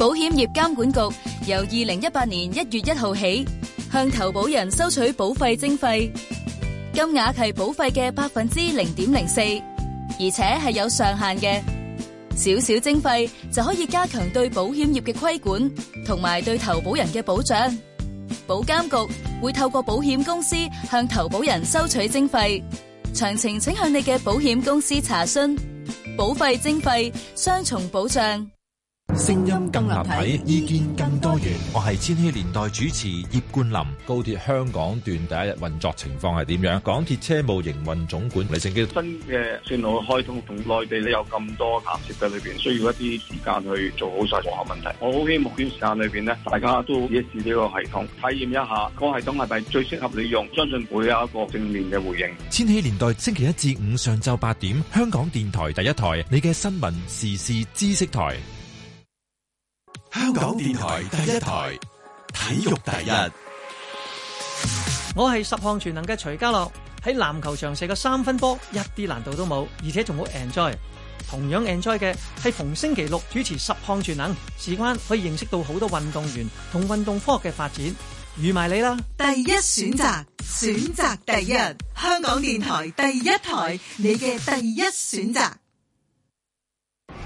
保險業監管局，由2018年1月1號起，向投保人收取保費徵費。金額係保費嘅0.04%，而且係有上限嘅。少少徵費，就可以加強對保險業嘅規管，同埋對投保人嘅保障。保監局會透過保險公司向投保人收取徵費。詳情請向你嘅保險公司查詢。保費徵費，雙重保障。聲音更立體，意見更多元。我係千禧年代主持葉冠林。高鐵香港段第一日運作情況係點樣？港鐵車務營運總管李成基。新嘅線路開通同內地，你有咁多銜接嘅裏邊，需要一啲時間去做好晒磨合問題。我好希望呢段時間裏邊大家都試一試呢個系統，體驗一下個系統係咪最適合你用？相信會有一個正面嘅回應。千禧年代星期一至五上晝八點，香港電台第一台，你嘅新聞時事知識台。香港電台第一台，體育第一。我係十項全能嘅徐家樂，喺籃球場射嘅三分波一啲難度都冇，而且仲好 enjoy。同樣 enjoy 嘅係逢星期六主持十項全能，事關可以認識到好多運動員同運動科學嘅發展。預埋你啦，第一選擇，選擇第一，香港電台第一台，你嘅第一選擇。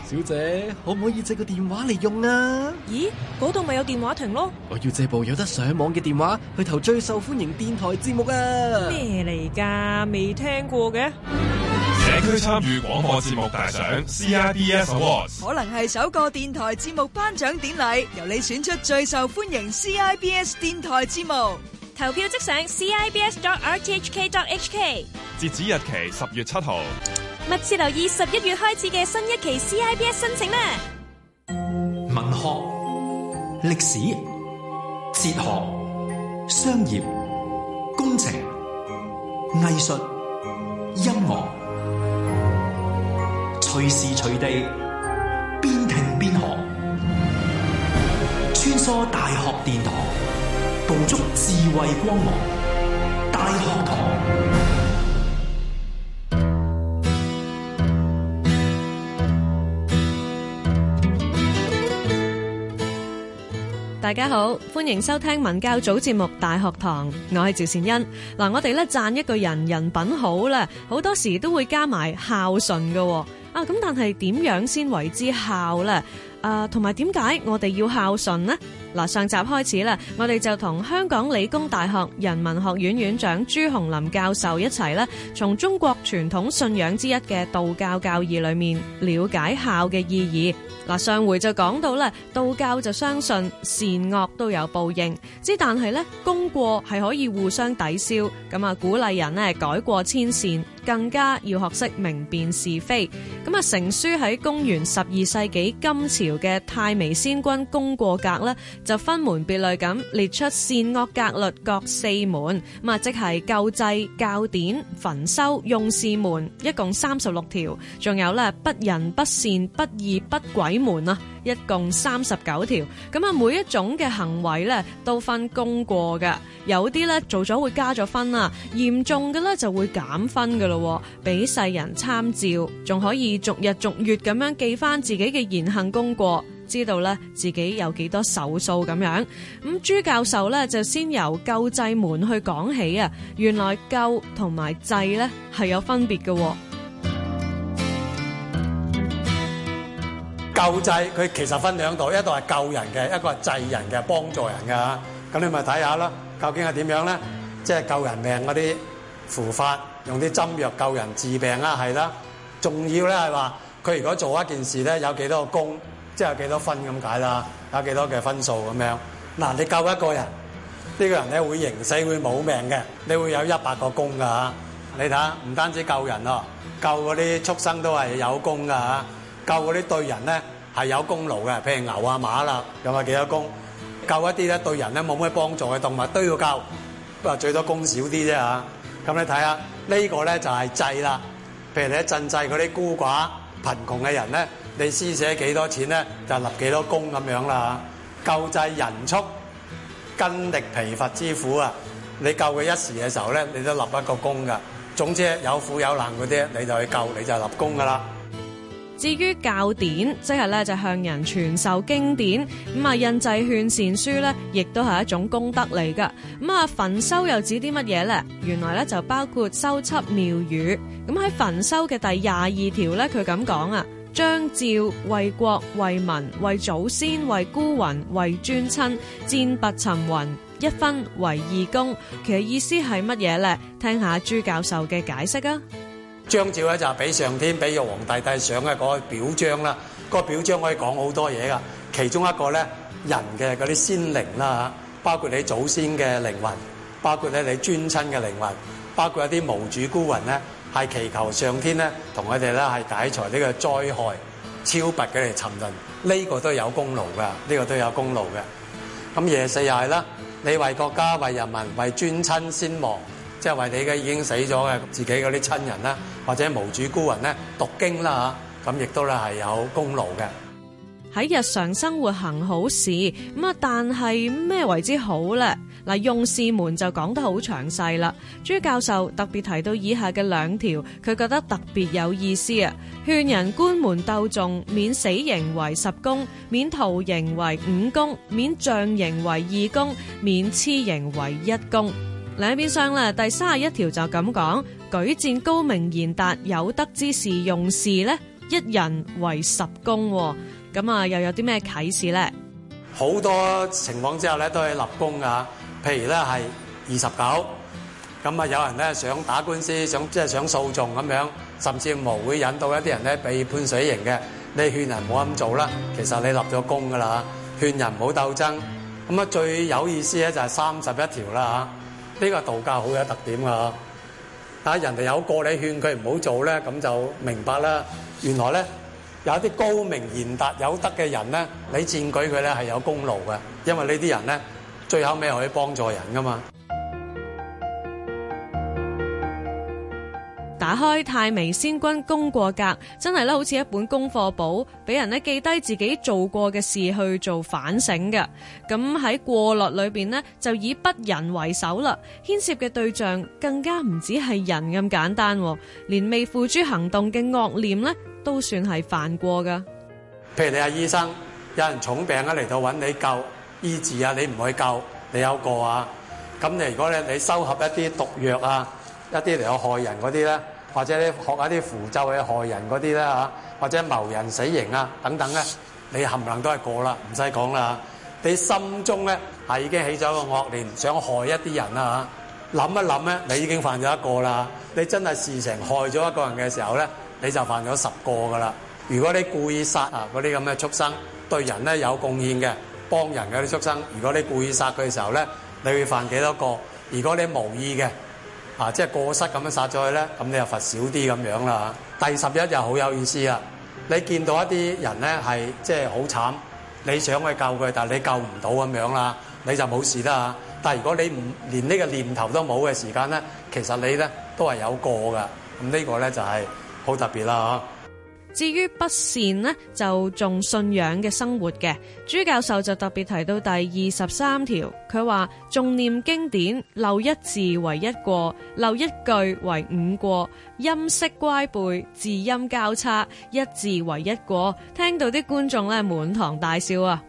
小姐，可唔可以借個電話嚟用啊？咦，嗰度咪有電話亭咯？我要借部有得上網嘅電話去投最受歡迎電台節目啊！咩嚟噶？未聽過嘅。社區參與廣播節目大獎 CIBS Awards，可能係首個電台節目頒獎典禮，由你選出最受歡迎 CIBS 電台節目，投票即上 CIBS.RTHK.HK，截止日期十月七號。密切留意十一月開始嘅新一期 CIBS 申請啦！文學、歷史、哲學、商業、工程、藝術、音樂，隨時隨地邊聽邊學，穿梭大學殿堂，捕捉智慧光芒，大學堂。大家好，歡迎收聽文教組節目《大學堂》，我是趙，我係趙善恩。嗱，我哋咧讚一個人人品好啦，好多時都會加埋孝順嘅。啊，咁但係點樣先為之孝呢？誒、啊，同埋點解我哋要孝順呢？嗱，上集開始啦，我哋就同香港理工大學人文學院院長朱鴻林教授一齊呢，從中國傳統信仰之一嘅道教教義裏面了解孝嘅意義。嗱，上回就講到咧，道教就相信善惡都有報應，之但係呢，功過係可以互相抵消，咁啊，鼓勵人呢改過遷善，更加要學識明辨是非。咁啊，成書喺公元十二世紀金朝嘅太微仙君《功過格》呢，就分門別類咁列出善惡格律各四門，咁啊即係救濟、教典、焚修、用事門，一共三十六條。仲有咧不仁不善不義不軌門啊，一共三十九條。咁啊每一種嘅行為咧都分功過嘅，有啲咧做咗會加咗分啦，嚴重嘅咧就會減分嘅咯，俾世人參照，仲可以逐日逐月咁樣記翻自己嘅言行功過。知道咧自己有幾多手數，咁樣。咁朱教授咧就先由救濟門去講起啊。原來救同埋濟咧係有分別嘅。救濟佢其實分兩度，一度係救人嘅，一個係濟人嘅，幫助人嘅吓。咁你咪睇下啦，究竟係點樣咧？即係救人命嗰啲符法，用啲針藥救人治病啦，係啦。仲要咧係話佢如果做一件事咧，有幾多個功。即係幾多分咁解啦？有幾多嘅分數咁樣？嗱，你救一個人，呢個人咧會刑死，會冇命嘅，你會有一百個功嘅嚇。你睇下，唔單止救人啊，救嗰啲畜生都係有功嘅嚇。救嗰啲對人咧係有功勞嘅，譬如牛啊馬啦，咁啊幾多功？救一啲咧對人咧冇咩幫助嘅動物都要救，不過最多功少啲啫嚇。咁你睇下呢個咧就係濟啦，譬如你去賑濟嗰啲孤寡貧窮嘅人咧。你施捨幾多錢咧，就立幾多功咁樣啦。救濟人畜、筋力疲乏之苦啊！你救佢一時嘅時候咧，你都立一個功噶。總之有苦有難嗰啲，你就去救，你就立功噶啦。至於教典，即係咧，就向人傳授經典咁啊。印製勸善書咧，亦都係一種功德嚟噶。咁啊，焚修又指啲乜嘢咧？原來咧就包括修葺廟宇。咁喺焚修嘅第廿二條咧，佢咁講啊。張照為國為民為祖先為孤魂為尊親戰白塵雲一分為義功。其實意思係乜嘢咧？聽下朱教授嘅解釋啊！張照咧就係俾上天俾玉皇大帝上嘅嗰個表彰啦，個表彰可以講好多嘢噶。其中一個咧，人嘅嗰啲先靈啦，吓包括你祖先嘅靈魂，包括咧你尊親嘅靈魂，包括一啲無主孤魂咧。係祈求上天咧，同佢哋咧係解除呢個災害、超拔佢哋沉淪，呢個都有功勞噶，呢個都有功勞嘅。咁夜寺又係啦，你為國家、為人民、為尊親先亡，即係為你嘅已經死咗嘅自己嗰啲親人咧，或者無主孤魂咧，讀經啦吓，咁亦都咧係有功勞嘅。喺日常生活行好事咁啊，但係咩為之好咧？嗱，用事門就講得好詳細啦。朱教授特別提到以下嘅兩條，佢覺得特別有意思啊。勸人官門鬥眾，免死刑為十功，免徒刑為五功，免杖刑為二功，免笞刑為一功。另一邊廂第三十一條就咁講，舉薦高明賢達有德之士用事呢一人為十功。咁啊，又有啲咩啟示呢？好多情況之下咧，都係立功噶。譬如咧係二十九，咁啊有人咧想打官司，想即係想訴訟咁樣，甚至無會引到一啲人咧被判死刑嘅。你勸人唔好咁做啦，其實你立咗功噶啦嚇。勸人唔好鬥爭，咁啊最有意思咧就係三十一條啦嚇，呢個道教好有特點㗎嚇。但係人哋有過，你勸佢唔好做咧，咁就明白啦。原來咧有一啲高明賢達有德嘅人咧，你讚舉佢咧係有功勞嘅，因為呢啲人咧。最後尾可以幫助人噶嘛？打開太微仙君功過格，真係咧好似一本功課簿，俾人咧記低自己做過嘅事去做反省嘅。咁喺過落裏邊呢，就以不仁為首啦，牽涉嘅對象更加唔止係人咁簡單，連未付諸行動嘅惡念呢都算係犯過噶。譬如你係醫生，有人重病啊嚟到揾你救。醫治啊！你唔去救，你有過啊。咁你如果咧，你收合一啲毒藥啊，一啲嚟有害人嗰啲咧，或者你學一啲符咒去害人嗰啲咧，或者謀人死刑啊等等咧、啊，你冚唪唥都係過啦，唔使講啦。你心中咧係已經起咗個惡念，想害一啲人啦、啊、諗一諗咧，你已經犯咗一個啦。你真係事成害咗一個人嘅時候咧，你就犯咗十個噶啦。如果你故意殺啊嗰啲咁嘅畜生，對人咧有貢獻嘅。幫人嘅啲畜生，如果你故意殺佢嘅時候咧，你會犯幾多個？如果你無意嘅，啊，即係過失咁樣殺咗佢咧，咁你又罰少啲咁樣啦。第十一又好有意思啊！你見到一啲人咧係即係好慘，你想去救佢，但係你救唔到咁樣啦，你就冇事啦。但係如果你唔連呢個念頭都冇嘅時間咧，其實你咧都係有過噶。咁呢個咧就係好特別啦。至於不善呢就重信仰嘅生活嘅。朱教授就特別提到第二十三條，佢話重念經典，漏一字為一過，漏一句為五過，音色乖背，字音交叉，一字為一過。聽到啲觀眾咧滿堂大笑啊！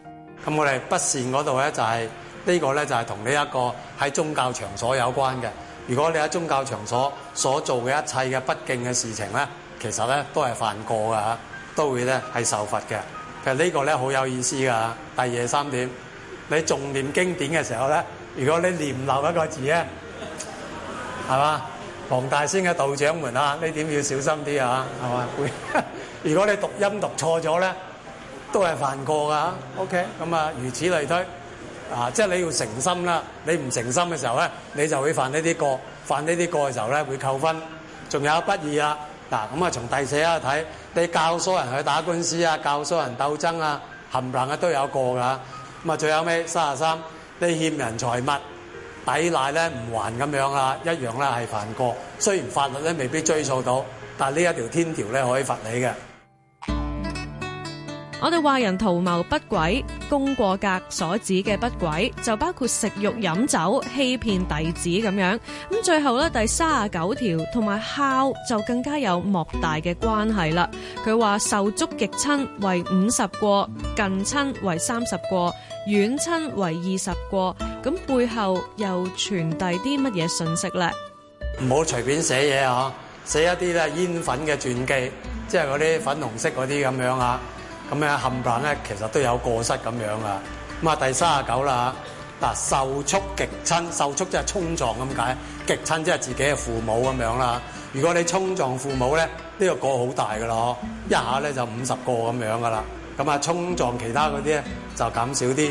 咁我哋不善嗰度咧，這個、就係呢個咧，就係同呢一個喺宗教場所有關嘅。如果你喺宗教場所所做嘅一切嘅不敬嘅事情咧，其實咧都係犯過嘅嚇，都會咧係受罰嘅。其實呢個咧好有意思㗎。第二、第三點，你重念經典嘅時候咧，如果你念漏一個字咧，係嘛？黃大仙嘅道長們啊，呢點要小心啲啊，係嘛？如果你讀音讀錯咗咧，都係犯過㗎。OK，咁啊，如此類推啊，即係你要誠心啦。你唔誠心嘅時候咧，你就會犯呢啲過，犯呢啲過嘅時候咧會扣分。仲有不義啦。嗱，咁啊，從第四啊睇，你教唆人去打官司啊，教唆人鬥爭啊，冚唪唥啊都有過㗎。咁啊，最後尾三十三，33，你欠人財物抵賴呢，唔還咁樣啊，一樣呢係犯過。雖然法律呢未必追訴到，但呢一條天條呢可以罰你嘅。我哋話人圖謀不軌，功過格所指嘅不軌就包括食肉飲酒、欺騙弟子咁樣。咁最後咧，第三十九條同埋孝就更加有莫大嘅關係啦。佢話受足極親為五十過，近親為三十過，遠親為二十過。咁背後又傳遞啲乜嘢信息咧？唔好隨便寫嘢啊！寫一啲咧煙粉嘅傳記，即係嗰啲粉紅色嗰啲咁樣啊！咁咧冚唪唥，其實都有過失咁樣啊！咁啊，第三十九啦嗱，受觸極親，受觸即係衝撞咁解，極親即係自己嘅父母咁樣啦。如果你衝撞父母咧，呢個個好大噶咯，一下咧就五十個咁樣噶啦。咁啊，衝撞其他嗰啲咧就減少啲。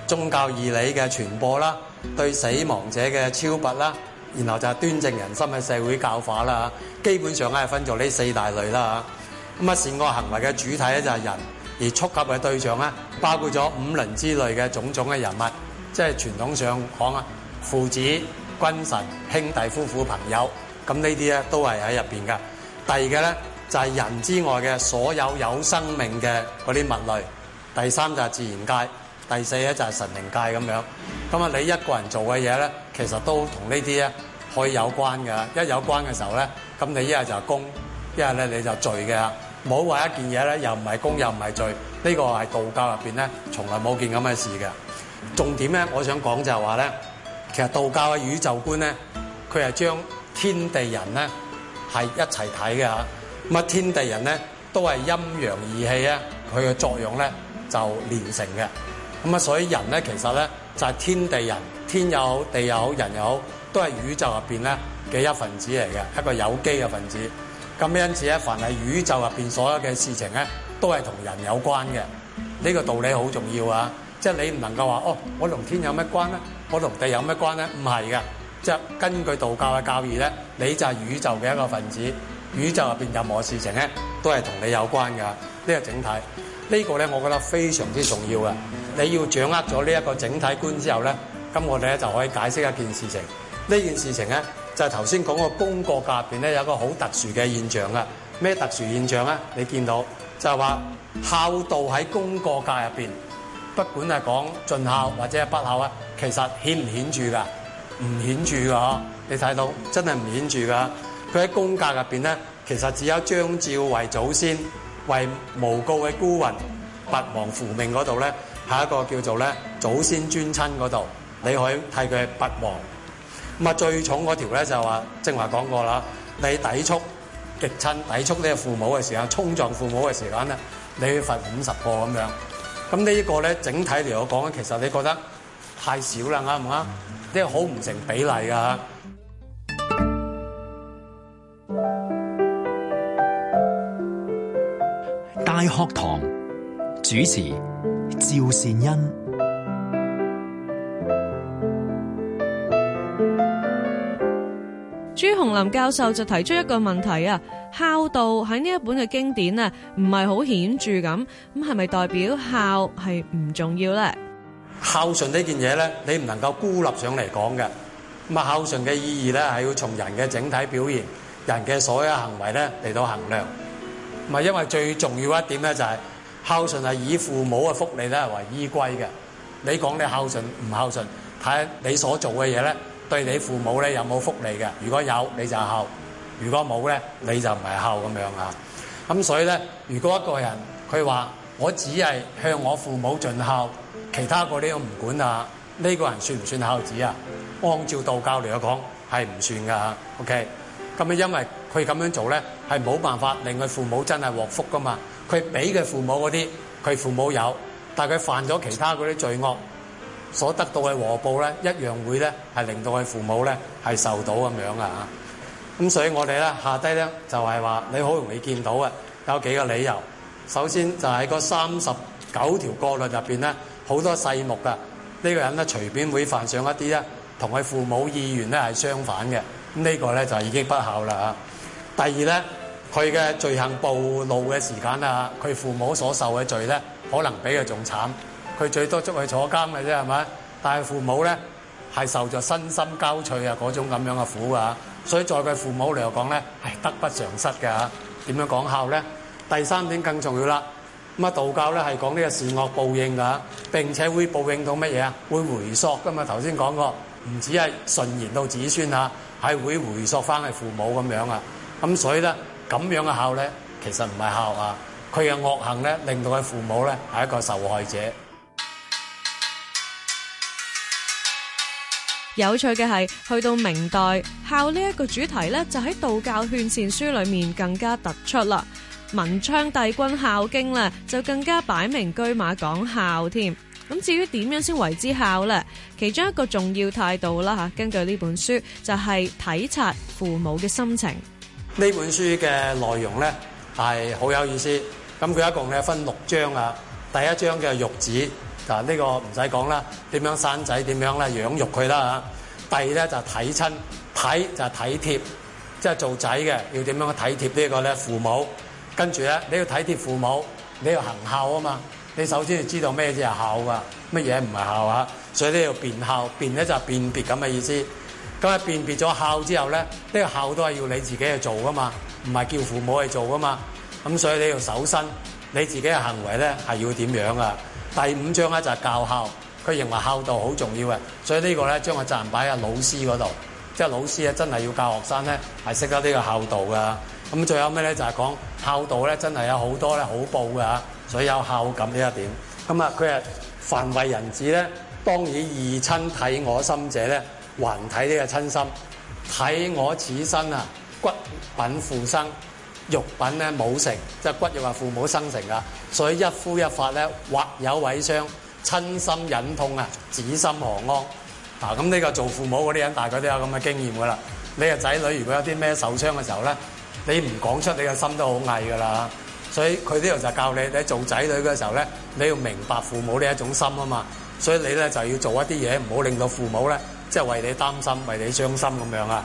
宗教義理嘅傳播啦，對死亡者嘅超拔啦，然後就係端正人心嘅社會教化啦，基本上咧係分做呢四大類啦嚇。咁啊，善惡行為嘅主體咧就係人，而觸及嘅對象咧包括咗五倫之類嘅種種嘅人物，即係傳統上講啊，父子、君臣、兄弟、夫婦、朋友，咁呢啲咧都係喺入邊嘅。第二嘅咧就係人之外嘅所有有生命嘅嗰啲物類。第三就係自然界。第四咧就係神靈界咁樣，咁啊你一個人做嘅嘢咧，其實都同呢啲咧可以有關嘅。一有關嘅時候咧，咁你一日就係功，一日咧你就罪嘅。唔好話一件嘢咧，又唔係功又唔係罪，呢、這個係道教入邊咧，從來冇件咁嘅事嘅。重點咧，我想講就係話咧，其實道教嘅宇宙觀咧，佢係將天地人咧係一齊睇嘅嚇。咁啊，天地人咧都係陰陽二氣啊，佢嘅作用咧就連成嘅。咁啊，所以人咧，其實咧就係天地人，天又好，地又好，人又好，都係宇宙入邊咧嘅一份子嚟嘅，係一個有機嘅分子。咁因此咧，凡係宇宙入邊所有嘅事情咧，都係同人有關嘅。呢個道理好重要啊！即係你唔能夠話哦，我同天有咩關咧？我同地有咩關咧？唔係嘅，即係根據道教嘅教義咧，你就係宇宙嘅一個分子，宇宙入邊任何事情咧都係同你有關嘅呢個整體，呢個咧，我覺得非常之重要嘅。你要掌握咗呢一個整體觀之後咧，咁我哋咧就可以解釋一件事情。呢件事情咧就係頭先講個功過格入邊咧有一個好特殊嘅現象啊！咩特殊現象咧？你見到就係話孝道喺功過格入邊，不管係講盡孝或者係不孝啊，其實顯唔顯著噶？唔顯著噶，你睇到真係唔顯著噶。佢喺功格入邊咧，其實只有張照為祖先，為無告嘅孤魂，八王扶命嗰度咧。下一個叫做咧祖先尊親嗰度，你可以替佢拔亡。咁啊，最重嗰條咧就係話，正話講過啦，你抵觸極親，抵觸呢個父母嘅時間，衝撞父母嘅時間咧，你去罰五十個咁樣。咁呢一個咧，整體嚟我講咧，其實你覺得太少啦，啱唔啱？即係好唔成比例噶。大學堂主持。趙善恩、朱鴻林教授就提出一個問題啊：孝道喺呢一本嘅經典啊唔係好顯著咁，咁係咪代表孝係唔重要咧？孝順呢件嘢咧，你唔能夠孤立上嚟講嘅。咁啊，孝順嘅意義咧，係要從人嘅整體表現、人嘅所有行為咧嚟到衡量。唔係因為最重要一點咧、就是，就係。孝順係以父母嘅福利咧為依歸嘅，你講你孝順唔孝順，睇下你所做嘅嘢咧，對你父母咧有冇福利嘅？如果有，你就孝；如果冇咧，你就唔係孝咁樣啊。咁所以咧，如果一個人佢話我只係向我父母盡孝，其他個啲都唔管啊，呢個人算唔算孝子啊？按照道教嚟講係唔算噶，OK。咁啊，因為佢咁樣做咧，係冇辦法令佢父母真係獲福噶嘛。佢俾佢父母嗰啲，佢父母有，但係佢犯咗其他嗰啲罪惡，所得到嘅禍報咧，一樣會咧係令到佢父母咧係受到咁樣嘅嚇、啊。咁所以我哋咧下低咧就係、是、話，你好容易見到嘅有幾個理由。首先就喺嗰三十九條過律入邊咧，好多細目嘅呢、這個人咧隨便會犯上一啲咧，同佢父母意願咧係相反嘅。咁呢個咧就已經不孝啦嚇、啊。第二咧，佢嘅罪行暴露嘅時間啊，佢父母所受嘅罪咧，可能比佢仲慘。佢最多捉佢坐監嘅啫，係咪？但係父母咧係受咗身心交瘁啊嗰種咁樣嘅苦呀。所以在佢父母嚟講咧係得不償失㗎。點樣講孝咧？第三點更重要啦。咁啊，道教咧係講呢個善惡報應㗎，並且會報應到乜嘢啊？會回溯㗎嘛。頭先講過，唔止係順延到子孫啊，係會回溯翻去父母咁樣啊。咁所以咧。咁樣嘅孝咧，其實唔係孝啊！佢嘅惡行咧，令到佢父母咧係一個受害者。有趣嘅係，去到明代，孝呢一個主題咧，就喺道教勸善書裏面更加突出啦。文昌帝君孝經啦，就更加擺明車馬講孝添。咁至於點樣先為之孝咧？其中一個重要態度啦嚇，根據呢本書就係體察父母嘅心情。呢本書嘅內容咧係好有意思，咁佢一共咧分六章啊。第一章嘅育子，嗱、這、呢個唔使講啦，點樣生仔，點樣咧養育佢啦嚇。第二咧就，係睇親，睇就係體親，體就體貼，即係做仔嘅要點樣體貼呢個咧父母。跟住咧你要體貼父母，你要行孝啊嘛。你首先要知道咩先係孝啊，乜嘢唔係孝啊。所以呢個辨孝，辨咧就係辨別咁嘅意思。今日辨別咗孝之後咧，呢、這個孝都係要你自己去做噶嘛，唔係叫父母去做噶嘛。咁所以你要守身，你自己嘅行為咧係要點樣啊？第五章咧就係教孝，佢認為孝道好重要嘅，所以呢個咧將個責任擺喺老師嗰度，即、就、係、是、老師真係要教學生咧係識得呢個孝道噶。咁最後咩咧就係講孝道咧真係有好多咧好報㗎。所以有孝感呢一點。咁啊，佢係凡為人子咧，當然義親睇我心者咧。還睇呢個親心，睇我此身啊，骨品父生，肉品咧母成，即係骨肉啊，父母生成啊。所以一膚一髮咧，或有毀傷，親心忍痛啊，子心何安啊？咁呢個做父母嗰啲人，大概都有咁嘅經驗噶啦。你嘅仔女如果有啲咩受傷嘅時候咧，你唔講出你嘅心都好翳噶啦。所以佢呢度就教你，你做仔女嘅時候咧，你要明白父母呢一種心啊嘛。所以你咧就要做一啲嘢，唔好令到父母咧。即係為你擔心，為你傷心咁樣啊。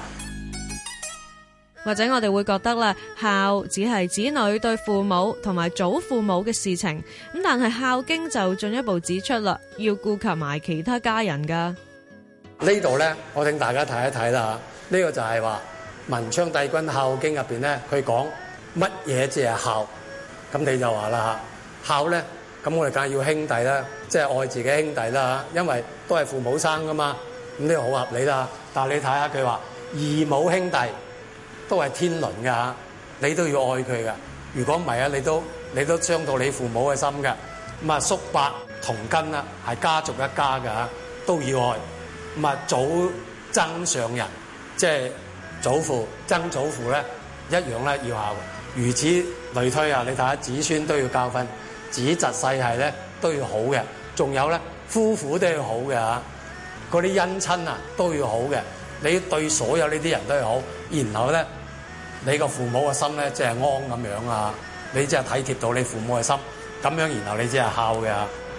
或者我哋會覺得啦，孝只係子女對父母同埋祖父母嘅事情咁，但係《孝經》就進一步指出啦，要顧及埋其他家人噶。呢度咧，我請大家睇一睇啦。呢個就係話《文昌帝君孝經》入邊咧，佢講乜嘢即係孝？咁你就話啦吓，孝咧，咁我哋梗係要兄弟啦，即係愛自己兄弟啦吓，因為都係父母生噶嘛。咁呢個好合理啦，但你睇下，佢話義母兄弟都係天倫㗎，你都要愛佢㗎。如果唔係啊，你都你都傷到你父母嘅心㗎。咁啊，叔伯同根啊，係家族一家㗎，都要愛。咁啊，祖曾上人即係祖父、曾祖父咧，一樣咧要孝。如此類推啊，你睇下子孫都要教訓，子侄世系咧都要好嘅。仲有咧，夫婦都要好嘅嗰啲恩親啊都要好嘅，你對所有呢啲人都要好，然後咧你個父母嘅心咧即係安咁樣啊，你即係體貼到你父母嘅心，咁樣然後你即係孝嘅。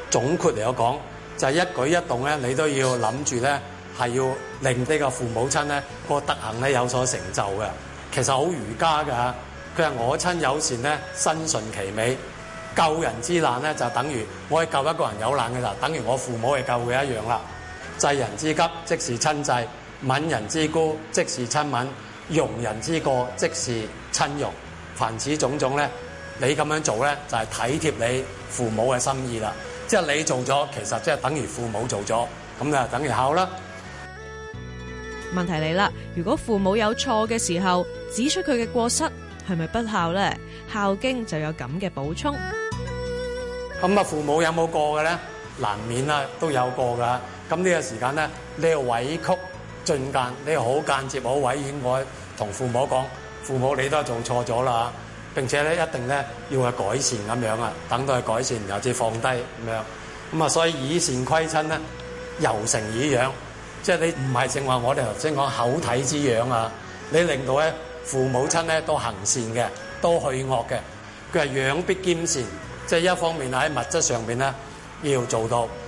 總括嚟講，就係、是、一舉一動咧，你都要諗住咧係要令呢個父母親咧、那個德行咧有所成就嘅。其實好儒家嘅，佢係我親友善咧，身順其美，救人之難咧就等於我去救一個人有難嘅啦，等於我父母係救嘅一樣啦。濟人之急，即是親濟；憫人之孤，即是親憫；容人之過，即是親容。凡此種種咧，你咁樣做咧，就係、是、體貼你父母嘅心意啦。即係你做咗，其實即係等於父母做咗，咁就等於孝啦。問題嚟啦，如果父母有錯嘅時候，指出佢嘅過失，係咪不，不孝咧？《孝經》就有咁嘅補充。咁啊，父母有冇過嘅咧？難免啦，都有過噶。咁呢個時間咧，你要委曲進間，你好間接好委婉，我同父母講：父母你都係做錯咗啦，並且咧一定咧要佢改善咁樣啊，等到改善，然後至放低咁樣。咁啊，所以以善規親咧，由成以養，即係你唔係淨話我哋頭先講口體之養啊，你令到咧父母親咧都行善嘅，都去惡嘅，佢係養必兼善，即係一方面喺物質上面咧要做到。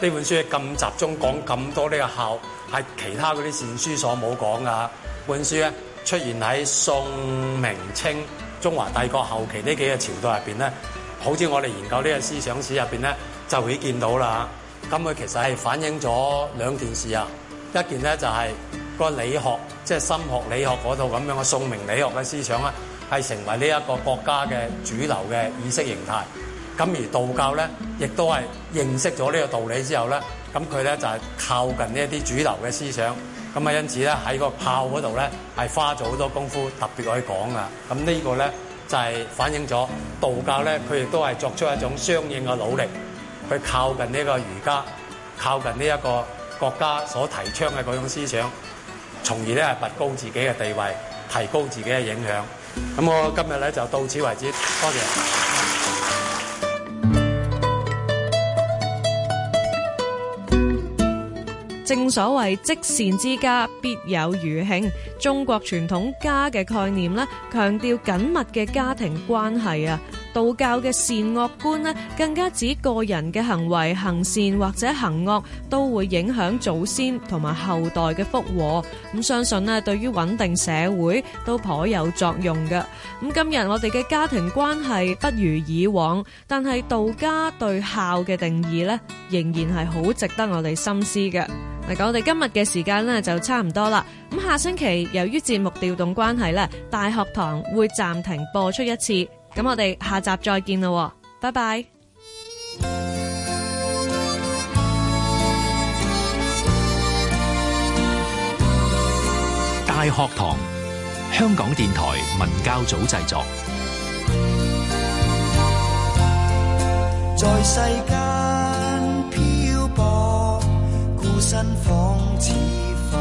呢本書咁集中講咁多呢個孝，係其他嗰啲善書所冇講噶。本書咧出現喺宋、明、清、中華帝國後期呢幾個朝代入邊咧，好似我哋研究呢個思想史入邊咧，就會見到啦。咁佢其實係反映咗兩件事啊。一件咧就係個理學，即係心學理學嗰套咁樣嘅宋明理學嘅思想啊，係成為呢一個國家嘅主流嘅意識形態。咁而道教咧，亦都係認識咗呢個道理之後咧，咁佢咧就係、是、靠近呢一啲主流嘅思想，咁啊因此咧喺個炮嗰度咧，係花咗好多功夫，特別去講噶。咁呢個咧就係、是、反映咗道教咧，佢亦都係作出一種相應嘅努力，去靠近呢個儒家，靠近呢一個國家所提倡嘅嗰種思想，從而咧係拔高自己嘅地位，提高自己嘅影響，咁我今日咧就到此為止，多謝，謝。正所謂積善之家必有餘慶，中國傳統家嘅概念呢，強調緊密嘅家庭關係啊。道教嘅善惡觀咧，更加指個人嘅行為，行善或者行惡都會影響祖先同埋後代嘅福禍。咁相信咧，對於穩定社會都頗有作用嘅。咁今日我哋嘅家庭關係不如以往，但係道家對孝嘅定義咧仍然係好值得我哋深思嘅。嗱，我哋今日嘅時間咧就差唔多啦。咁下星期由於節目調動關係咧，大學堂會暫停播出一次。咁我哋下集再見咯，拜拜！大學堂，香港電台文教組製作。在世間漂泊，孤身仿似浮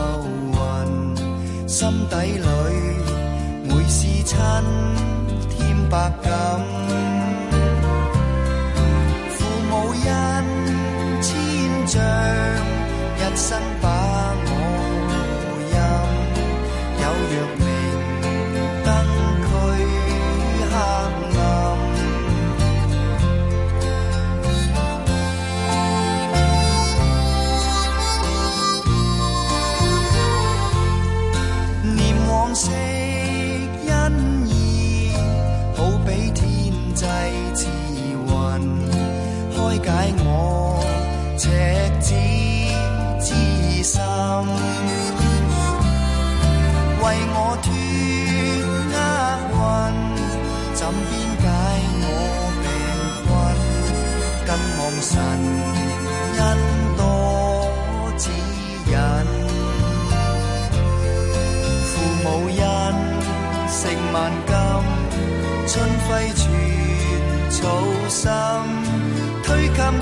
雲，心底裏每思親。百感，父母恩千丈，一生。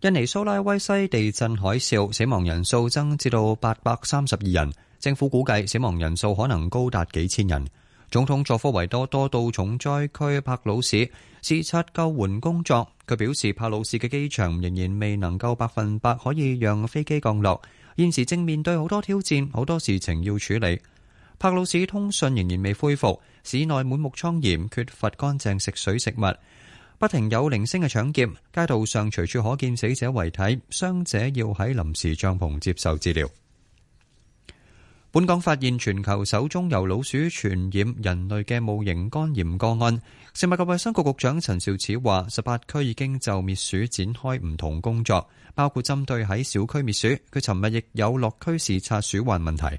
印尼蘇拉威西地震海嘯死亡人數增至到八百三十二人，政府估計死亡人數可能高達幾千人。總統佐科維多多到重災區帕魯市視察救援工作。佢表示，帕魯市嘅機場仍然未能夠百分百可以讓飛機降落，現時正面對好多挑戰，好多事情要處理。帕魯市通訊仍然未恢復，市內滿目瘡痍，缺乏乾淨食水食物。不停有零星嘅搶劫，街道上隨處可見死者遺體，傷者要喺臨時帳篷接受治療。本港發現全球首宗由老鼠傳染人類嘅戊型肝炎個案，食物及衛生局局長陳肇始話：十八區已經就滅鼠展開唔同工作，包括針對喺小區滅鼠。佢尋日亦有落區視察鼠患問題。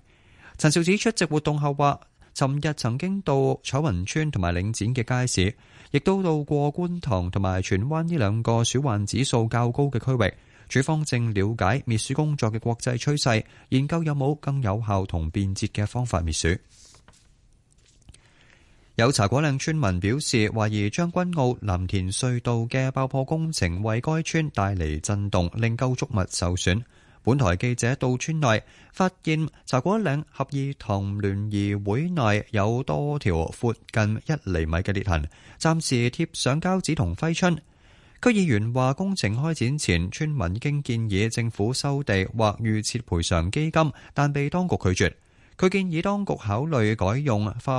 陳肇始出席活動後話。尋日曾經到彩雲村同埋領展嘅街市，亦都到過觀塘同埋荃灣呢兩個鼠患指數較高嘅區域。署方正了解滅鼠工作嘅國際趨勢，研究有冇更有效同便捷嘅方法滅鼠。有茶果嶺村民表示，懷疑將軍澳藍田隧道嘅爆破工程為該村帶嚟震動，令構築物受損。本台記者到村內發現茶果嶺合議堂聯誼會內有多條闊近一厘米嘅裂痕，暫時貼上膠紙同揮春。區議員話，工程開展前村民經建議政府收地或預設賠償基金，但被當局拒絕，佢建議當局考慮改用化